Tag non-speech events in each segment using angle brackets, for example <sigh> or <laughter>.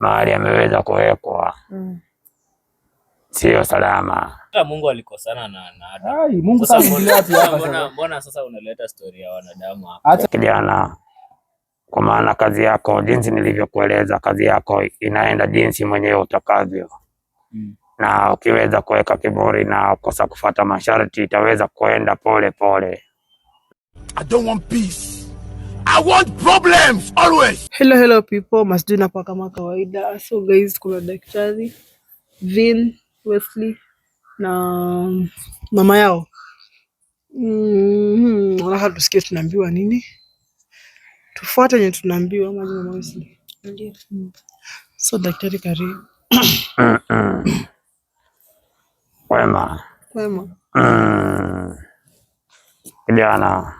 mahali ameweza kuwekwa mm. Sio salama. Mungu alikosana na Adamu. Mungu sasa, mbona sasa unaleta story ya wanadamu hapa kijana? Kwa maana kazi yako jinsi nilivyokueleza, kazi yako inaenda jinsi mwenyewe utakavyo mm. na ukiweza kuweka kiburi na kosa kufuata masharti itaweza kuenda pole pole. I don't want peace want problems always. Hello, hello people, masijui napa kama kawaida. So guys, kuna daktari Vin Wesley na um, mama yao mm -hmm. Alafu tusikie tunaambiwa nini, tufuate nye tunaambiwa maji mama Wesley. So daktari, karibu kwema kwema mm. kijana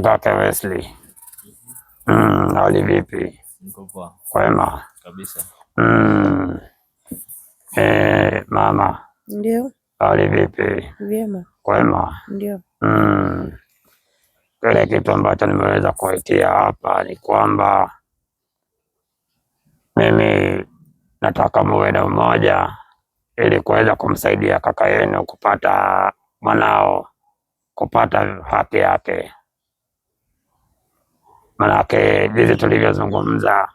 Mtoto Wesley. Mm, hali vipi? Niko poa. Kwema. Kabisa. Mm. Eh, mama. Ndio. Hali vipi? Vyema. Kwema. Ndio. Mm. Kile kitu ambacho nimeweza kuitia hapa ni kwamba mimi nataka muwe na umoja ili kuweza kumsaidia kaka yenu kupata mwanao kupata haki yake. Manake jinsi tulivyozungumza,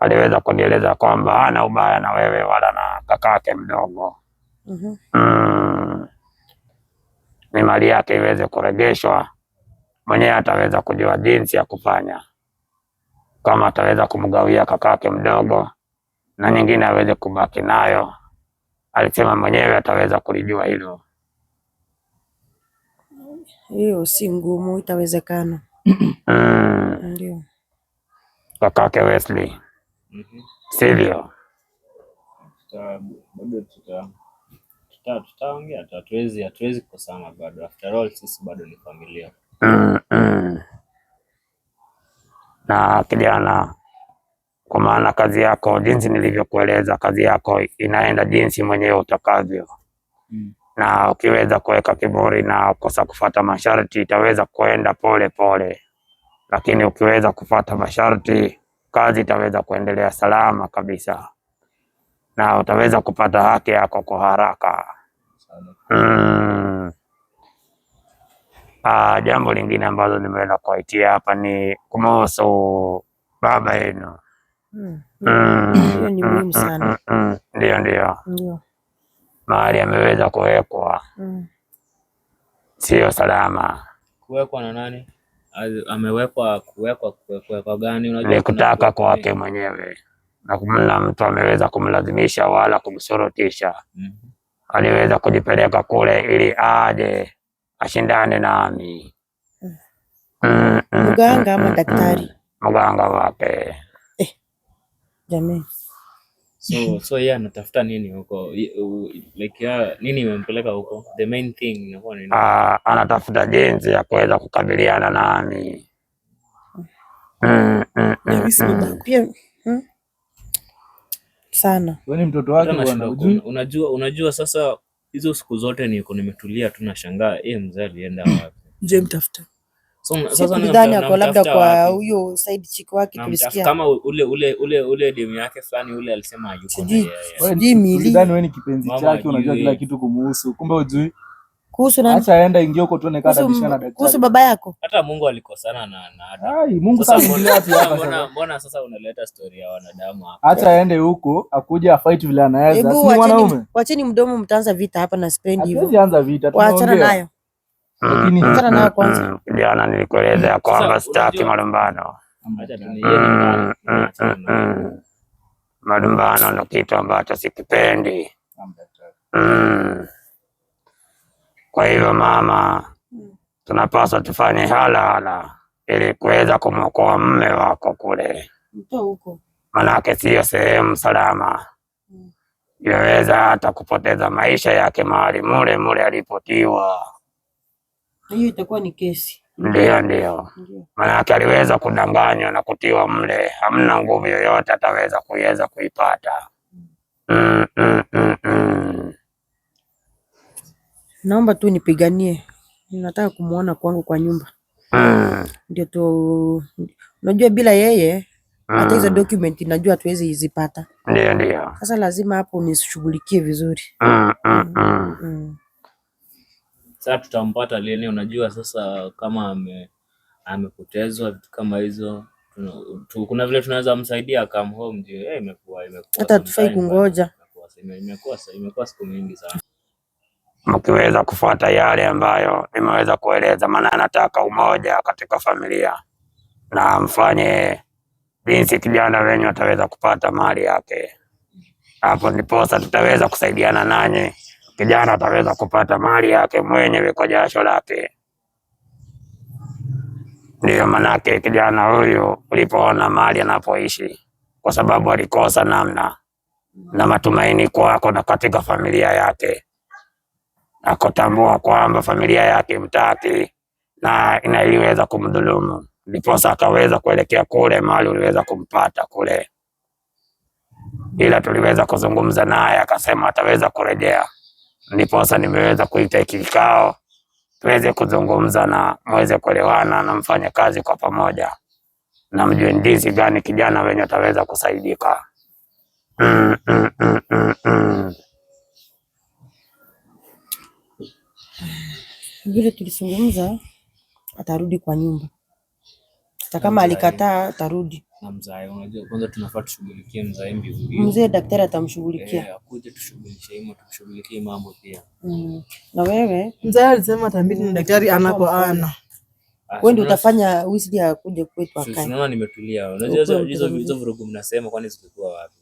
aliweza kunieleza kwamba ana ubaya na wewe wala na kakake mdogo mm mm. ni mali yake iweze kuregeshwa, mwenyewe ataweza kujua jinsi ya kufanya, kama ataweza kumgawia kakake mdogo na nyingine aweze kubaki nayo. Alisema mwenyewe ataweza kulijua hilo. Hiyo si ngumu, itawezekana. Mm. Kakake Wesley mhm. Sivyo, tutaongea hatuwezi kukosana bado. After all sisi bado ni familia mm, mm. Na kijana, kwa maana kazi yako jinsi nilivyokueleza, kazi yako inaenda jinsi mwenyewe utakavyo mm na ukiweza kuweka kiburi na kosa kufata masharti itaweza kuenda pole pole, lakini ukiweza kufata masharti kazi itaweza kuendelea salama kabisa na utaweza kupata haki yako kwa haraka. Hmm. Ah, jambo lingine ambalo nimeenda kuwaitia hapa ni kumuhusu baba yenu. Mm. ndio ndio mahali ameweza kuwekwa mm. Sio salama kuwekwa na nani? Amewekwa kuwekwa kuwekwa gani? Unajua ni kutaka kwake mwenyewe na kumla mtu ameweza kumlazimisha wala kumsorotisha mm -hmm. Aliweza kujipeleka kule ili aje ashindane nami mm. Mm, mm, mganga mm, ama mm, daktari? Mm. Mganga wape eh, jamii So, so yeye anatafuta nini huko like yeah, nini imempeleka huko? The main thing inakuwa nini? Ah, anatafuta jinsi ya kuweza kukabiliana nami. Mm, mm, mm, hmm? Sana. Wewe yaani mtoto wake bwana unajua, unajua sasa hizo siku zote niko nimetulia tu nashangaa, eh, mzee alienda wapi? Je, mtafuta sasa labda kwa huyo side chick wake tulisikia kama ule ule ule ule demu yake fulani ule alisema hayuko wewe, ni kipenzi chake, unajua kila kitu kumuhusu, kumbe ujui kuhusu nani? acha aenda ingie huko tuone kata bishana daktari. Kuhusu baba yako. Hata Mungu alikosana na na Adamu. Ai, Mungu sasa mbona mbona sasa unaleta story ya wanadamu hapa. Acha aende huko akuje afight vile anaweza. Si mwanaume. Wacheni mdomo mtaanza vita hapa na spend hivyo. Hatuanza vita. Waachana nayo. Jana ah, ah, ah, nilikueleza ya kwamba sitaki malumbano. Malumbano ndo kitu ambacho sikipendi. Mm. Kwa hivyo mama, tunapaswa tufanye halahala ili kuweza kumwokoa mme wako kule, manake siyo sehemu salama. Mm. Yaweza hata kupoteza maisha yake mahali mule mule alipotiwa hiyo itakuwa ni kesi. Ndio, ndio, maanake aliweza kudanganywa na kutiwa mle, hamna nguvu yoyote ataweza kuiweza kuipata. mm, mm, mm, mm. Naomba tu nipiganie, ninataka kumwona kwangu kwa nyumba mm. Ndio tu unajua, bila yeye mm. hata mm. hizo document najua tuwezi izipata. Ndio, ndio, sasa lazima hapo unishughulikie vizuri mm, mm, mm. Mm. mm. Sasa tutampata lini? Unajua sasa kama ame amepotezwa vitu kama hizo tu, kuna vile tunaweza msaidia come home. Je, hey, eh, imekuwa imekuwa hata tufai kungoja, imekuwa imekuwa siku nyingi sana. Mkiweza kufuata yale ambayo nimeweza kueleza, maana anataka umoja katika familia na mfanye jinsi kijana wenyu ataweza kupata mali yake, hapo ndiposa tutaweza kusaidiana nanyi kijana ataweza kupata mali yake mwenyewe kwa jasho lake. Ndiyo manake kijana huyu ulipoona mali anapoishi, kwa sababu alikosa namna na matumaini kwako na katika familia yake, akotambua kwamba familia yake mtaki na inailiweza kumdhulumu, ndiposa akaweza kuelekea kule mali uliweza kumpata kule, ila tuliweza kuzungumza naye akasema ataweza kurejea ndiposa nimeweza kuita hiki kikao tuweze kuzungumza na mweze kuelewana na mfanye kazi kwa pamoja, na mjue ndizi gani kijana wenye ataweza kusaidika. mm, mm, mm, mm, mm. Vile tulizungumza atarudi kwa nyumba, hata kama alikataa atarudi na mzae. Unajua, kwanza tunafaa tushughulikie mzae mbinguni. Mzee daktari atamshughulikia eh, akuje tushughulikie himo, tushughulikie mambo pia mm. Na wewe mzae alisema atambidi ni daktari ana kwa ah, ana, ah, wewe ndio utafanya wisdi akuje kwetu akae. Unaona nimetulia. Unajua hizo hizo vurugu mnasema, kwani zilikuwa wapi?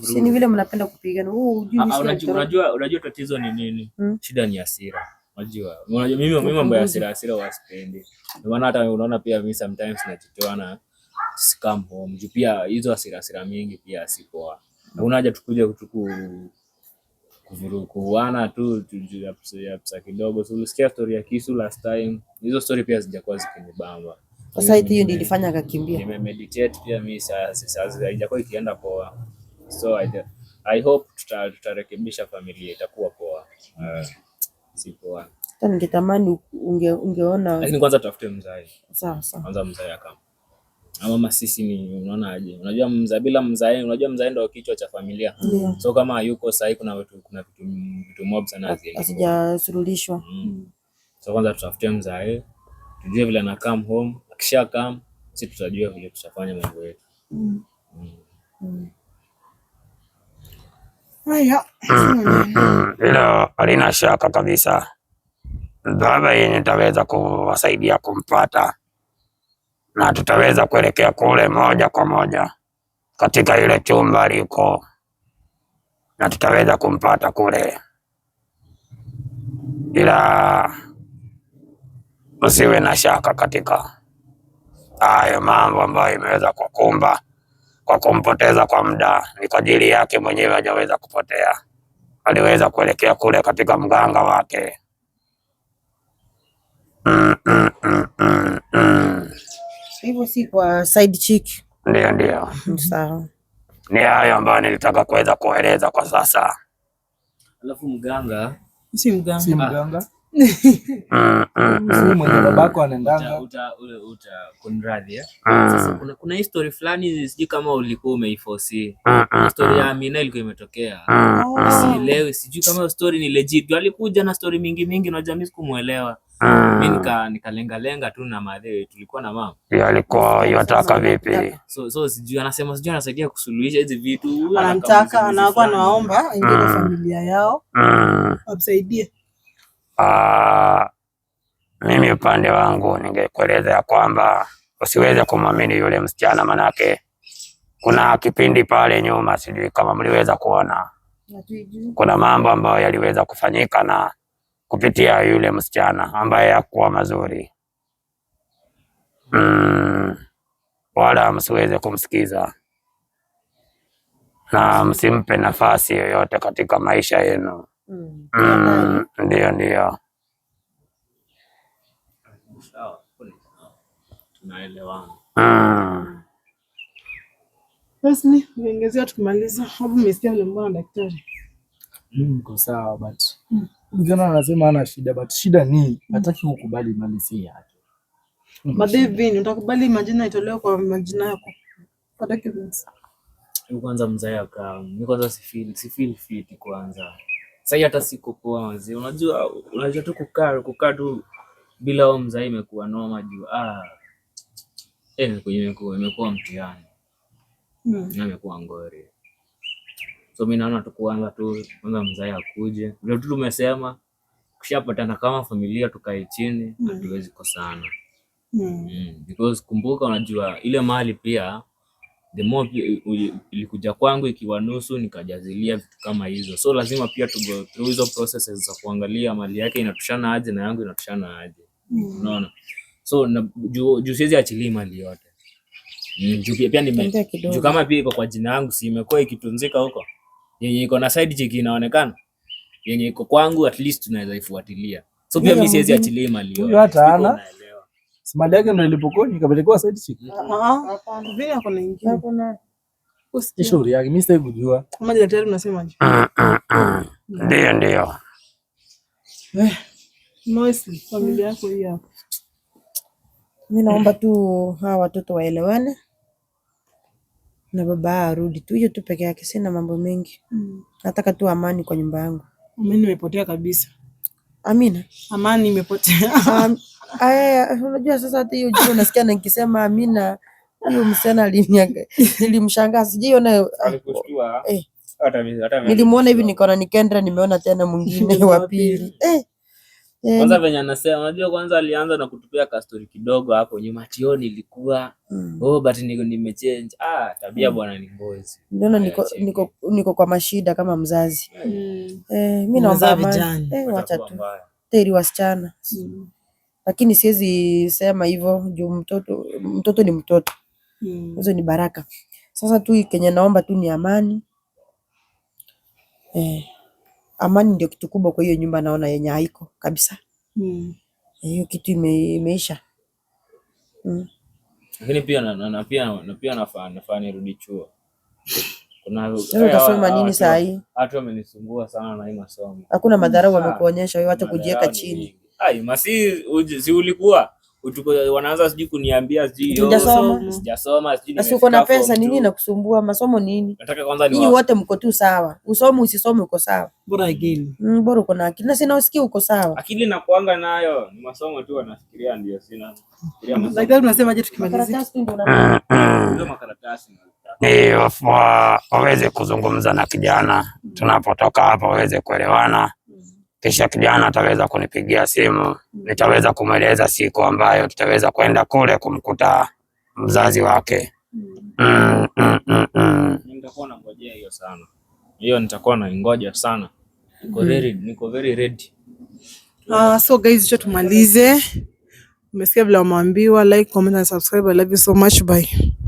Si ni vile mnapenda kupigana. Wewe ah, Unajua, unajua unajua tatizo ni nini? Hmm? Shida ni hasira. Unajua, mimi mambo ya hasira, hasira wasipendi. Ndio maana hata unaona pia mimi sometimes najitoa na just come home. Juu pia hizo asira asira mingi pia sipoa. poa. Hakuna haja tukuja kutuku kuvurukuana tu apsa kidogo. So ulisikia story ya Kisu last time. Hizo story pia zijakuwa zikinibamba. Sasa hii ndio ilifanya akakimbia. Nime meditate pia mimi sasa sasa haijakuwa ikienda poa. So I, I hope tutarekebisha tuta familia itakuwa poa. Uh, si poa. Ningetamani ungeona. unge, Lakini kwanza tafute mzazi. Sawa sawa. Kwanza mzazi akampa Ah, mama sisi ni unaona aje? Unajua mzaa bila mzae, unajua mzae ndio kichwa cha familia. Yeah. So kama yuko sahi kuna watu kuna vitu vitu mob sana hazijasuluhishwa. Mm. So kwanza tutafutie mzae, tujue vile ana come home, akisha come sisi tutajua vile tutafanya mambo yetu. Mm. Mm. mm. Haya. <clears throat> Hilo halina shaka kabisa. Baba yeye nitaweza kuwasaidia kumpata na tutaweza kuelekea kule moja kwa moja katika ile chumba liko, na tutaweza kumpata kule, ila usiwe na shaka katika hayo mambo ambayo imeweza kukumba kwa kumpoteza kwa muda, ni kwa ajili yake mwenyewe hajaweza kupotea, aliweza kuelekea kule katika mganga wake. mm -mm -mm -mm. mm hivyo si kwa side chick. Ndio, ndio. Mm-hmm. Sawa. Ni hayo ambayo nilitaka kuweza kueleza kwa sasa. Alafu mganga si mganga, si mganga. Kuna history fulani sijui kama ulikuwa umeifosi. Mm, mm, story ya mm. Amina ilikuwa imetokea, sielewi, sijui kama story ni legit. Walikuja na story mingi mingi na jamii sikumuelewa Ah. Mimi nika nikalenga lenga tu na madhe tulikuwa na mama. Yeye alikuwa yataka vipi? So so sijui anasema sijui anasaidia kusuluhisha hizi vitu. anataka anakuwa anaomba ingine na ah. familia yao. Mm. Amsaidie. Ah. Mimi upande wangu ningekueleza ya kwamba usiweze kumwamini yule msichana manake kuna kipindi pale nyuma, sijui kama mliweza kuona, kuna mambo ambayo yaliweza kufanyika na kupitia yule msichana ambaye hakuwa mazuri mm, wala msiweze kumsikiza na msimpe nafasi yoyote katika maisha yenu mm. Mm, ndiyo ndio mm. basi Kijana anasema ana shida, but shida ni hataki kukubali mali si yake. Mabebi, mm. utakubali majina itolewe kwa majina yako. Kwanza mzee aka mimi kwanza si feel si feel fit kwanza. Sasa hata siko poa mzee. Unajua unajua tu kukaa kukaa tu bila wao mzee imekuwa noma juu. Ah. Eh, imekuwa mtihani. Mm. Imekuwa ngori. So mi naona tukuanza tu kwanza, mzee akuje vile tu tumesema, kushapatana kama familia, tukae chini, mm. hatuwezi kosana mm. Mm. Because kumbuka, unajua ile mali pia the more ilikuja kwangu ikiwa nusu, nikajazilia vitu kama hizo, so lazima pia tu go through hizo processes za kuangalia mali yake inatushana aje na yangu inatushana aje, mm. unaona so na, juu siwezi achili mali yote mm, juu pia nime juu kama pia iko kwa jina yangu, si imekuwa ikitunzika huko yenye iko na side chick inaonekana yenye iko kwangu, at least tunaweza ifuatilia. So pia mimi siwezi achilia mali yote, hata ana mali yake ndio ilipokoje ikapelekwa side chick. Ah, ah. Shauri yake mimi sitaki kujua. Ah, mm. Ndio, ndio eh, familia yako hiyo. Mimi naomba tu hawa watoto waelewane na baba arudi tu, hiyo tu peke yake, sina mambo mengi mm. Nataka tu amani kwa nyumba yangu. Mimi nimepotea kabisa. Amina, amani imepotea. Um, <laughs> unajua sasa hata hiyo juu nasikia na nikisema Amina, msana msichana nilimshangaa, sijaiona eh, nilimuona hivi nikaona ni nimeona tena mwingine <laughs> wa pili eh. Kwanza venye anasema, unajua kwanza alianza na kutupia kastori kidogo hapo nyuma, tio nilikuwa mm. oh but niko nimechange. Ah, tabia mm. bwana ni ngozi. Ndio na niko niko niko kwa mashida kama mzazi mm. eh, mimi naomba vijana eh, wacha tu teri wasichana mm. lakini siwezi sema hivyo juu mtoto mtoto ni mtoto hmm. hizo mm. ni baraka. Sasa tu Kenya naomba tu ni amani eh amani ndio kitu kubwa kwa hiyo nyumba naona yenye haiko kabisa. Mm. Hiyo kitu ime, imeisha. Mm. Lakini pia na, na, pia na pia nafaa nafaa nirudi chuo. Kuna sasa utasoma nini saa hii? Watu wamenisumbua sana na hii masomo. Hakuna madharau wamekuonyesha wewe hata kujiweka chini. Ai, masi si ulikuwa wanaanza sijui kuniambia sijasoma, sijui uko na pesa nini nakusumbua masomo nini? Nataka kwanza ni wote mko tu sawa, usome usisome uko sawa, bora akili mm, bora uko na akili, na sina usikia uko sawa. Akili nakuanga nayo ni masomo tu, wanafikiria ndio sina. waweze kuzungumza na kijana, tunapotoka hapa waweze kuelewana kisha kijana ataweza kunipigia simu, nitaweza kumweleza siku ambayo tutaweza kwenda kule kumkuta mzazi wake. Hmm. Mm, mm, mm, mm. Nitakuwa nangojea hiyo sana, hiyo nitakuwa naingoja sana. Niko hmm. very, niko very ready. Ah, so guys, tumalize. Umesikia vile wameambiwa, like, comment and subscribe. I love you so much, bye.